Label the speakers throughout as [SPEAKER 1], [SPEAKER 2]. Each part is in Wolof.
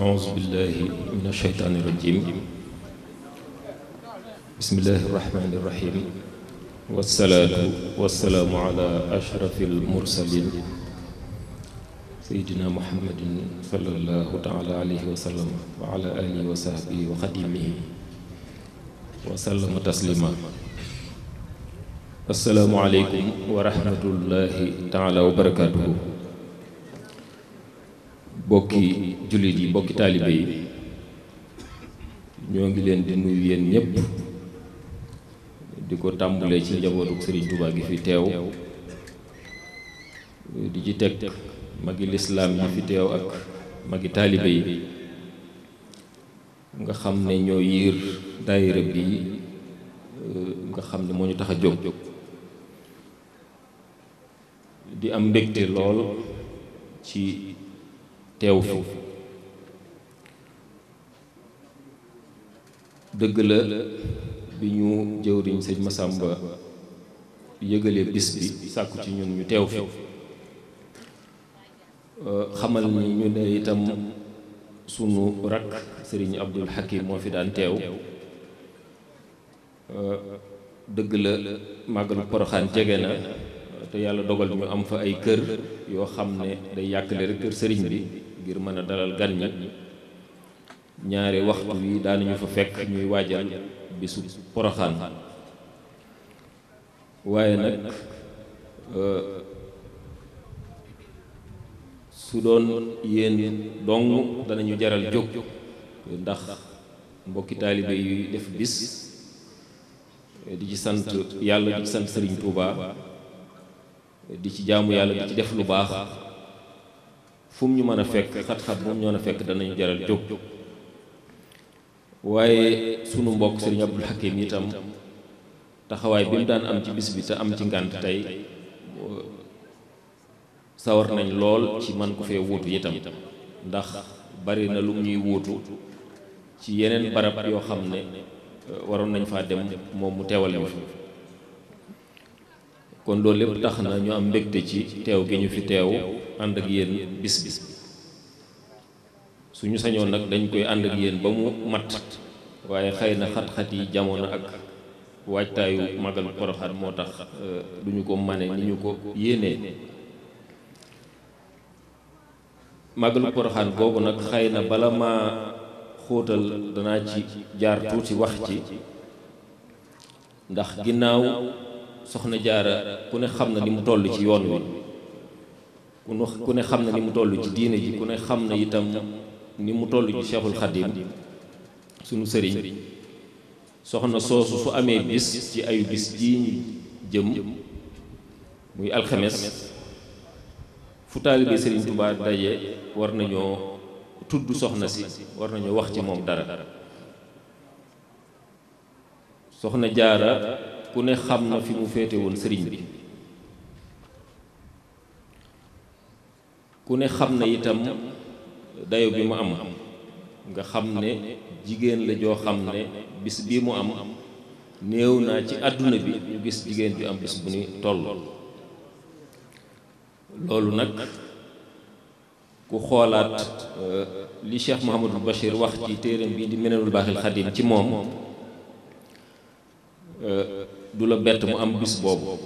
[SPEAKER 1] أعوذ بالله من الشيطان الرجيم بسم الله الرحمن الرحيم والصلاة والسلام على أشرف المرسلين سيدنا محمد صلى الله تعالى عليه وسلم وعلى آله وصحبه وخديمه وسلم تسليما السلام عليكم ورحمة الله تعالى وبركاته mbokki jullit yi mbokki taalibe yi ñoo ngi leen di nuyu yéen di ko tàmbulee ci njabootu Serigne Touba gi fi teew di ci teg magi lislaam yi fi teew ak magi taalibe yi nga xam ne ñoo yiir daayira bi nga xam ne moo ñu tax a jóg di am mbégte lool ci teew fi dëgg la bi ñu jëwriñ sëñ Masamba yëgalee bis bi sàkku ci ñun ñu teew fi euh, xamal ni ñu ne itam sunu rakk sëriñ Abdul Hakim moo fi daan teew euh, dëgg la màggalu poroxaan jege na te yàlla dogal ñu am fa ay kër yoo xam ne day yàkkale rek kër sëriñ bi ngir mën a dalal gan ñi ñaari waxtu wi daanañu fa fekk ñuy waajal bisu poroxaan waaye nag euh, su doon yéen dong danañu jaral jóg ndax mbokki taalibe yuy def bis di ci sant yàlla di ci sant Sëriñ Tuubaa di ci jaamu yàlla di ci def lu baax fum ñu mën a fekk xat-xat bu ñu mën a fekk danañu jaral jóg waaye sunu mbokk Serigne Abdul Hakim itam taxawaay bi mu daan am ci bis bi te am ci ngant tey sawar nañ lool ci man ko fee wuutu itam ndax bari na lu ñuy wuutu ci yeneen barab yoo xam ne waroon nañ faa dem moom mu teewal ñu kon loolu lépp tax ñu am mbégte ci teew gi ñu fi ànd ak yéen bis bis bi suñu sañoon nag dañ koy ànd ak yéen ba mu mat waaye xëy na xat-xat yi jamono ak waajtaayu magal poroxaan moo tax euh, duñu ko mane ni ñu ko yéenee magalu poroxaan googu nag xay na bala maa xóotal danaa ci jaar tuuti wax ci ndax ginnaaw soxna jaara ku ne xam na li mu toll ci yoon wi ku nu ku ne xam na ni mu toll ci diine ji ku ne xam na itam ni mu toll ci cheikhul xadim sunu sëriñ soxna soosu su amee bis ci ayu bis ji ñu jëm muy alxames fu taalibe sëriñ Tuubaa daje war nañoo tudd soxna si war nañoo wax ci moom dara soxna jaara ku ne xam na fi mu féete woon sëriñ bi ku ne xam na itam dayo bi mu am nga xam ne jigéen la joo xam ne bis bii mu am néew naa ci àdduna bi ñu gis jigéen ju am bis bu ni toll loolu nag ku xoolaat euh, li Cheikh Mouhamadul Bachir wax ci téeram bii di meneenul baaxil xadim ci moom euh, du la bett mu am bis boobu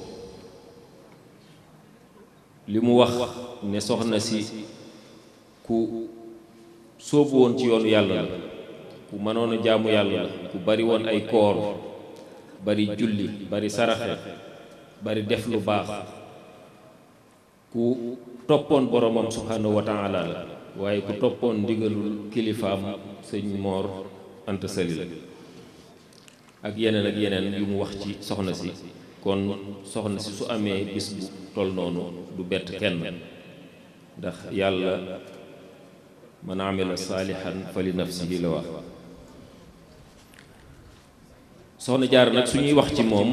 [SPEAKER 1] li mu wax ne soxna si ku sóobu woon ci yoonu yàlla la ku mënoon a jaamu yàlla la ku bari woon ay koor bari julli bari saraxe bari def lu baax ku toppoon boromam subhanahu wa waaye ku toppoon ndigalul kilifaam sëñ Moor Anta Sali ak yeneen ak yeneen yu mu wax ci soxna si kon soxna si su amee bis bu toll noonu du bett kenn ndax yàlla man amila saalihan fa li nafsihi la wax soxna jaar nag su ñuy wax ci moom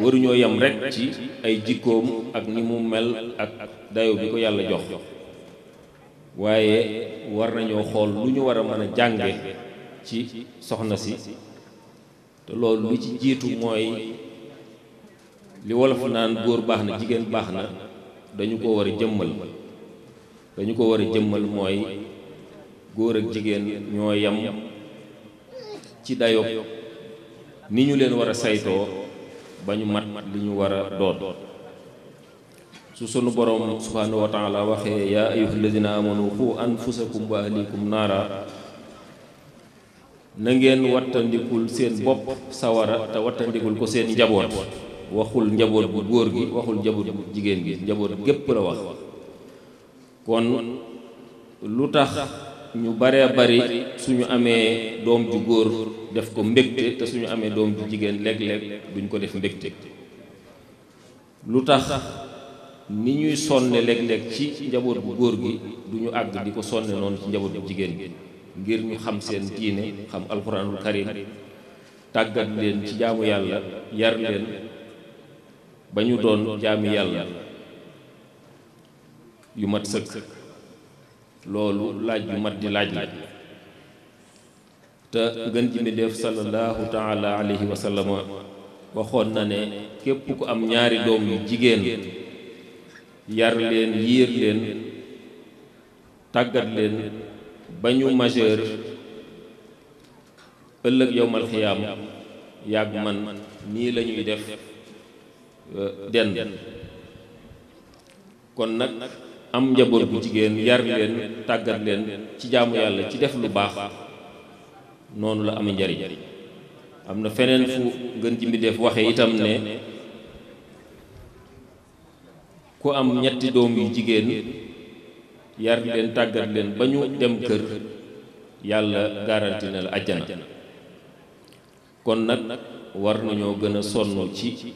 [SPEAKER 1] waruñoo yem rekk ci ay jikkoom ak ni mu mel ak dayo bi ko yàlla jox waaye war nañoo xool lu ñu war a mën a jànge ci soxna si te loolu lu ci jiitu mooy li wolof naan góor baax na jigéen baax na dañu ko war a jëmmal dañu ko war a jëmmal mooy góor ak jigéen ñoo yem ci dayo ni ñu leen war a saytoo ba ñu mat li ñu war a doon su sunu borom subhaanahu wa taala waxee yaa ayuha alladina amanu qu anfusakum wa ahlikum naara na ngeen wattandikul seen bopp sawara te wattandikul ko seen njaboot waxul njaboot bu góor gi waxul njaboot bu jigéen gi njaboot gépp la wax kon lu tax ñu baree bari su ñu amee doom ju góor def ko mbégte te suñu amee doom ju jigéen léeg-léeg duñ ko def mbégte lu tax ni ñuy sonne léeg-léeg ci njaboot bu góor gi duñu àgg di ko sonne noonu ci njaboot bu jigéen gi ngir ñu xam seen tiine xam alxuraanul karim tàggat leen ci jaamu yàlla yar leen bañu doon jaami yàlla yu mat sëkk loolu laaj yu mat di laaj la te gën ci mi def salallahu taala alayhi wa sallama waxoon na ne képp ku am ñaari doom yu jigéen yar leen yiir leen tàggat leen ba ñu majeur ëllëg yow yowmal xiyaam yàgg man nii la ñuy def den kon nak am njabot bu jigen yar len tagat len ci jaamu yalla ci def lu bax nonu la am njari am na fu gën ci mbindeef waxe itam ne ko am ñetti doom yu jigen yar len tagat len bañu dem kër yalla garanti na la aljana kon nak war nañu gëna sonno ci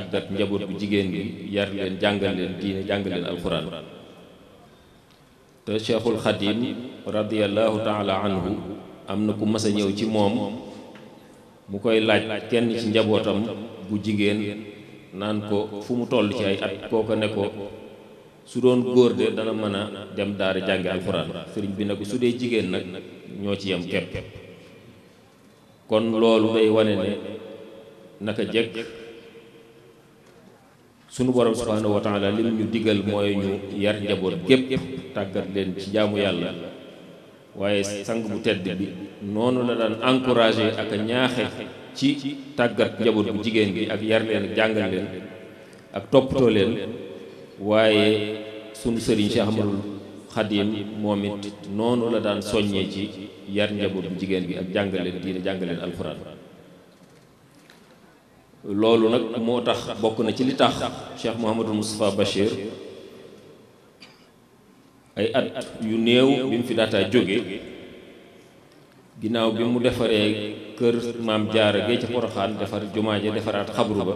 [SPEAKER 1] tàggat njaboot bu jigéen gi yar leen jàngal leen diine jàngal leen alxuraan te cheikhul xadim radiallahu taala anhu am na ku mas a ñëw ci moom mu koy laaj kenn ci njabootam bu jigéen naan ko fu mu toll ci ay at kooko ne ko su doon góor de dana mën a dem daara jàngi alxuraan sëriñ bi ne ko su dee jigéen nag ñoo ci yem kepp kon loolu day wane ne naka jekk sunu borom subhanahu wa taala lim ñu digal mooy ñu yar njaboot gépp tàggat leen ci jaamu yàlla waaye sang bu tedd bi noonu la daan encouragé ak a ñaaxe ci tàggat njaboot bu jigéen bi ak yar leen ak jàngal leen ak toppatoo leen waaye sunu sëriñ Cheikh Ahmadul Xadim moom it noonu la daan soññee ci yar njaboot bu jigéen bi ak jàngal leen diine jàngal leen alxuraan loolu nag moo tax bokk na ci li tax Cheikh Mouhamadul Moustapha Bachir ay at yu néew bi mu fi daataa jóge ginnaaw bi mu defaree kër maam jaara gee ca poroxaan defar jumaa ja defaraat xabru ba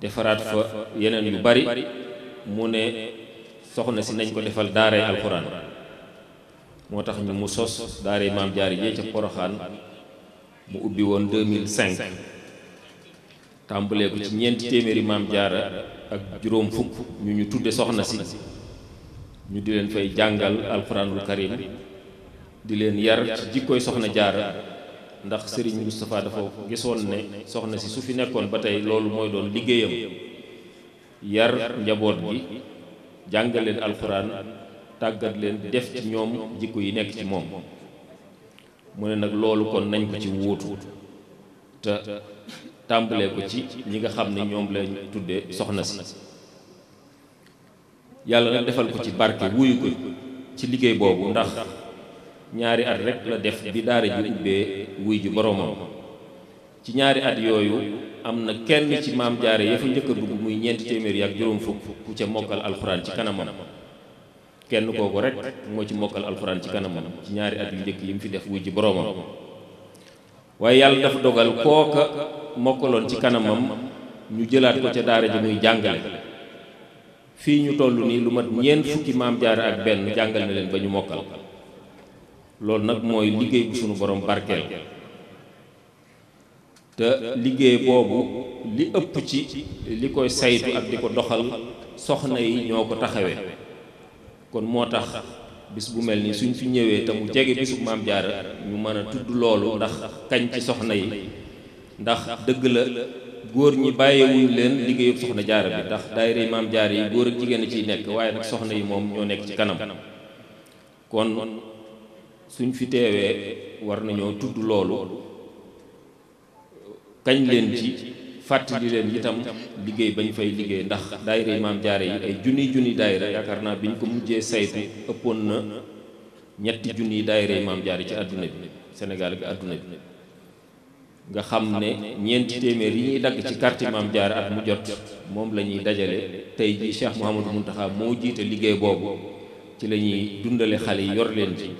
[SPEAKER 1] defaraat fa yeneen yu bari mu ne soxna si nañ ko defal daaray alxuraan moo tax ñu mu sos daaray maam jaara gee ca poroxaan mu ubbi woon 2005 tàmbalee ko ci ñeenti téeméeri maam jaara ak juróom fukk ñu ñu tudde soxna si ñu di leen fay jàngal alxuraanul karim di leen yar ci jikkooy soxna jaara ndax sëriñ Moustapha dafa gisoon ne soxna si su fi nekkoon ba tey loolu mooy doon liggéeyam yar njaboot gi jàngal alxuraan tàggat leen def ci ñoom jikko yi nekk ci moom mu ne nag loolu kon nañ ko ci wuutu te tàmbalee ko ci ñi nga xam ne ñoom lañ tuddee soxna si yàlla nag defal ko ci barke wuyu ko ci liggéey boobu ndax ñaari at rek la def bi daara ji ubbee wuy ji boroomam ci ñaari at yooyu am na kenn ci maam jaare ya fa njëkk a dugg muy ñeenti téeméer yi ak juróom fukk ku ca mokkal alxuraan ci kanamam kenn kooku rek moo ci mokkal alxuraan ci kanamam ci ñaari at yu njëkk yi mu fi def wuy ji boroomam waaye yàlla dafa dogal kooka mokkaloon ci kanamam ñu jëlaat ko ca daara ji muy jàngale fii ñu toll nii lu mat ñeent fukki maam jaara ak benn jàngal na leen ba ñu mokkal loolu nag mooy liggéey bu sunu borom barkeel te liggéey boobu li ëpp ci li koy saytu ak di ko doxal soxna yi ñoo ko taxawee kon moo tax bis bu mel ni suñ fi ñëwee te mu jege bisu maam jaara ñu mën a tudd loolu ndax kañ ci soxna yi ndax dëgg la góor ñi bàyyiwuñ leen liggéeyu soxna jaara bi ndax daayira maam jaar yi góor ak jigéen a ciy nekk waaye nag soxna yi moom ñoo nekk ci kanam kon suñ fi teewee war nañoo tudd loolu kañ leen ci fàttali leen itam liggéey bañ fay liggéey ndax daayira yi maam jaare yi ay junni junniy daayira yaakaar naa bi ñu ko mujjee saytu ëppoon na ñetti junniy daayira yi maam jaare ci àdduna bi Sénégal ak àdduna bi nga xam ne ñeenti téeméer yi ñuy dagg ci carte maam jaare at mu jot moom la ñuy dajale tey jii Cheikh Mouhamadou Mountakha moo jiite liggéey boobu ci la ñuy dundale xale yi yor leen ci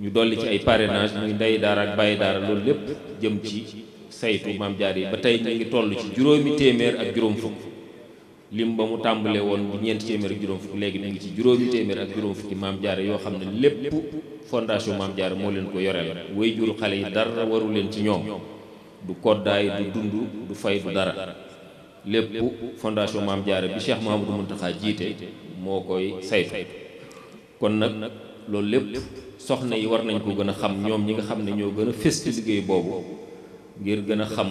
[SPEAKER 1] ñu dolli ci ay parrainage muy ndey daara ak bàyyi daara loolu lépp jëm ci saytu maam jaar yi ba tey ñu ngi toll ci juróomi téeméer ak juróom fukk lim ba mu tàmbalee woon bu ñeenti téeméer ak juróom fukk léegi mi ngi ci juróomi téeméer ak juróom fukki maam jaar yoo xam ne lépp fondation maam jaar moo leen ko yoreel way juru xale yi dara waru leen ci ñoom du koddaay du dund du fay du dara lépp fondation maam jaara bi Cheikh Mahamadou Muntaxa jiite moo koy saytu kon nag loolu lépp soxna yi war nañ ko gën a xam ñoom ñi nga xam ne ñoo gën a fés ci liggéey boobu ngir gën a xam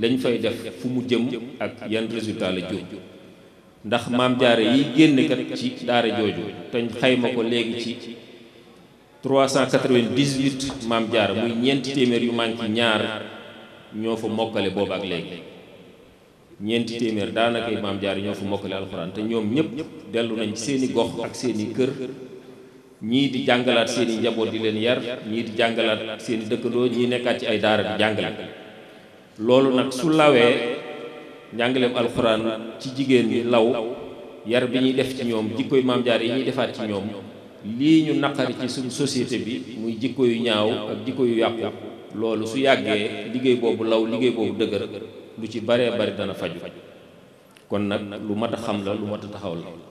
[SPEAKER 1] lañ fay def fu mu jëm ak yan résultat la jóg ndax maam jaare yi génn kat ci daara jooju te xayma ko léegi ci 398 maam jaara muy ñeenti téeméer yu manqué ñaar ñoo fa mokkale boobu ak léegi ñeenti téeméer daanaka maam jaara ñoo fa mokkale alxuraan te ñoom ñëpp dellu nañ seeni gox ak seeni kër ñii di jàngalaat seen i njaboot di leen yar ñii di jàngalaat seen i dëkkandoo ñii nekkaat ci ay daara di jàngale loolu nag su lawee njàngaleem alxuraan ci jigéen ñi law yar bi ñuy def ci ñoom jikkoy maam jaar yi ñuy defaat ci ñoom lii ñu naqari ci suñu société bi muy jikko yu ñaaw ak jikko yu yàqu loolu su yàggee liggéey boobu law liggéey boobu dëgër lu ci baree bari dana faju kon nag lu mat a xam la lu mat a taxaw la